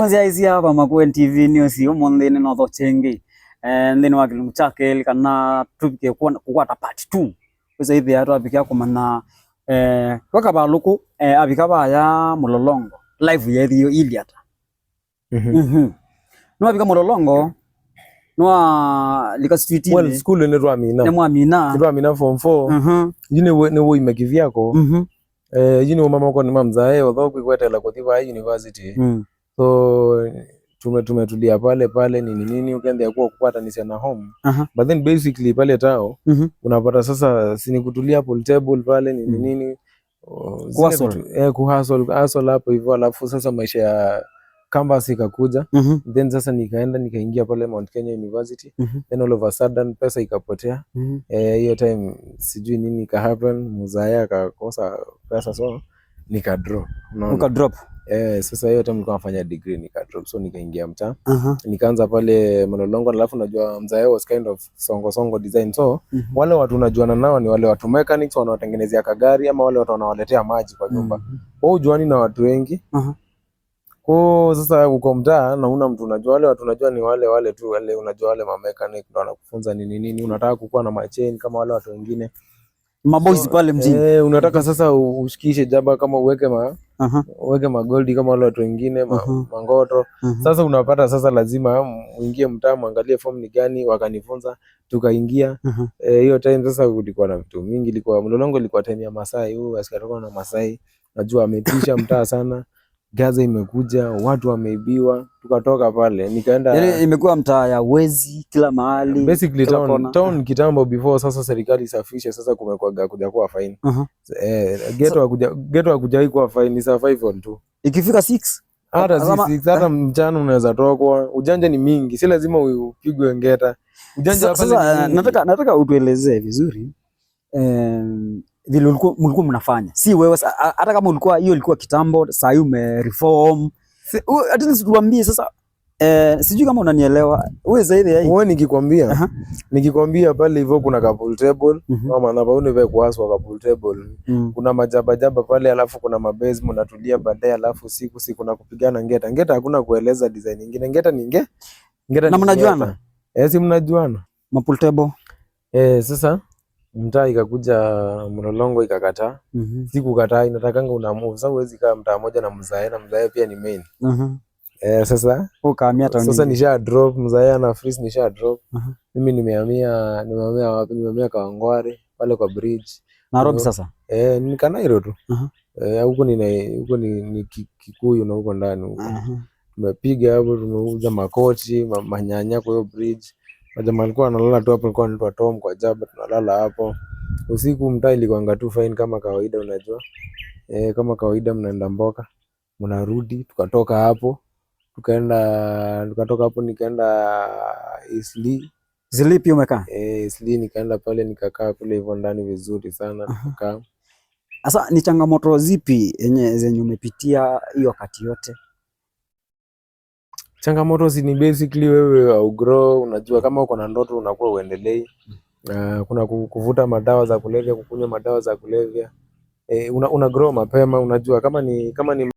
മതിയായി നമുക്ക് T V news ഒന്നേനെ നോതൊച്ചെങ്കിൽ എന്തിനു വാക്കിലും ചാക്കേൽ കണ്ണാ ട്രിപ്പിക്ക് കുവാട്ട part two saithi yatu apikiakomana eh, wakabaluku eh, eh abikabaya mulolongo live ya hivyo hili hata mhm. mhm. nwa -hmm. mulolongo nwa lika street well, school ni rwamina ni mwamina nitu rwamina form 4 mhm mm imekivyako mhm mm mama ko ni mamza eh odhogwi kwetela kuthiva university so tume tumetulia pale pale nini nini, ukianza kuwa kupata ni sana home uh -huh. but then basically pale tao uh mhm. -huh. unapata sasa sini kutulia pool table pale nini mm -hmm. nini mm. Eh, kuhustle hapo hivyo, alafu sasa maisha ya campus ikakuja. mm -hmm. Then sasa nikaenda nikaingia pale Mount Kenya University. mm -hmm. Then all of a sudden pesa ikapotea. mm -hmm. eh, hiyo time sijui nini ka happen, muzaya akakosa pesa so nika drop. Uka drop. Eh, sasa hiyo time nilikuwa nafanya degree nika drop so nikaingia mtaa. Uh -huh. Nikaanza pale Mlolongo alafu najua mzae was kind of songo songo design. So uh mhm. -huh. Wale watu unajuana nao ni wale watu mechanics wanaotengenezea kagari ama wale watu wanawaletea maji kwa nyumba. Uh mhm. -huh. Kwa ujuani na watu wengi. Uh -huh. Kwa sasa uko mtaa na una mtu unajua wale watu unajua ni wale wale tu wale unajua wale ma mechanic ndo wanakufunza nini nini, unataka kukua na machain kama wale watu wengine. Maboys so, pale mjini. Eh, unataka sasa ushikishe jaba kama uweke ma -huh. uweke magoldi kama wale watu wengine ma, -huh. mangoto -huh. Sasa unapata sasa, lazima mm, uingie mtaa mwangalie fomu ni gani, wakanifunza tukaingia e, hiyo. E, time sasa kulikuwa na vitu mingi, ilikuwa mlolongo, ilikuwa time ya Masai, huyu askari na Masai najua ametisha mtaa sana Gaza imekuja, watu wameibiwa, tukatoka pale nikaenda. Yani imekuwa mtaa ya wezi kila mahali, basically town, town kitambo before. Sasa serikali isafishe, sasa kumekuwa kuja kuwa fine uh -huh. Eh, geto hakuja so, geto hakuja kuwa fine, ni survival tu. Ikifika 6 hata sisi hata eh? mchana unaweza tokwa. Ujanja ni mingi, si lazima upigwe ngeta. Ujanja hapa, nataka nataka utuelezee vizuri um, vile mlikuwa mnafanya, si wewe. Hata kama ulikuwa hiyo ilikuwa kitambo, saa hii umereform, hata least sasa. Eh, sijui kama unanielewa wewe zaidi yeye. Wewe nikikwambia, uh -huh. Nikikwambia pale hivyo kuna couple table, mm -hmm. Mama na bauni vya kuaswa couple table. Mm -hmm. Kuna majaba jaba pale alafu kuna mabezi mnatulia baadaye alafu siku siku kuna kupigana ngeta. Ngeta hakuna kueleza design nyingine. Ngeta ni nge. Ngeta na mnajuana? Eh, si mnajuana. Mapool table. Eh, sasa mtaa ikakuja mlolongo ikakata mm -hmm. Sikukataa, inatakanga una move sasa, huwezi kaa mtaa moja na mzae, na mzae pia ni main. mm -hmm. Eh, sasa ukahamia oh, town. Sasa nisha drop mzae ana freeze, nisha drop. mm -hmm. Mimi nimehamia, nimehamia wapi? Nimehamia Kawangware pale kwa bridge Nairobi. Sasa eh, nika Nairo tu. uh mhm. -huh. Eh, huko ni huko ni, ni Kikuyu na huko ndani huko. uh mhm. -huh. Tumepiga hapo, tumeuza makochi ma, manyanya kwa hiyo bridge Majamaa alikuwa analala tu hapo, alikuwa anaitwa Tom kwa jaba, tunalala hapo usiku. Mtaa ilikuanga tu fine kama kawaida, unajua e, kama kawaida mnaenda mboka mnarudi. Tukatoka hapo tukaenda, tukatoka hapo nikaenda Isli Zili pia umekaa eh? Isli nikaenda pale nikakaa kule hivyo ndani vizuri sana nikakaa. Sasa ni changamoto zipi enye zenye umepitia hiyo wakati yote? Changamoto si ni basically wewe au grow, unajua kama uko na ndoto unakuwa uendelei. Uh, kuna kuvuta madawa za kulevya, kukunywa madawa za kulevya. Eh, una, una grow mapema, unajua kama ni kama ni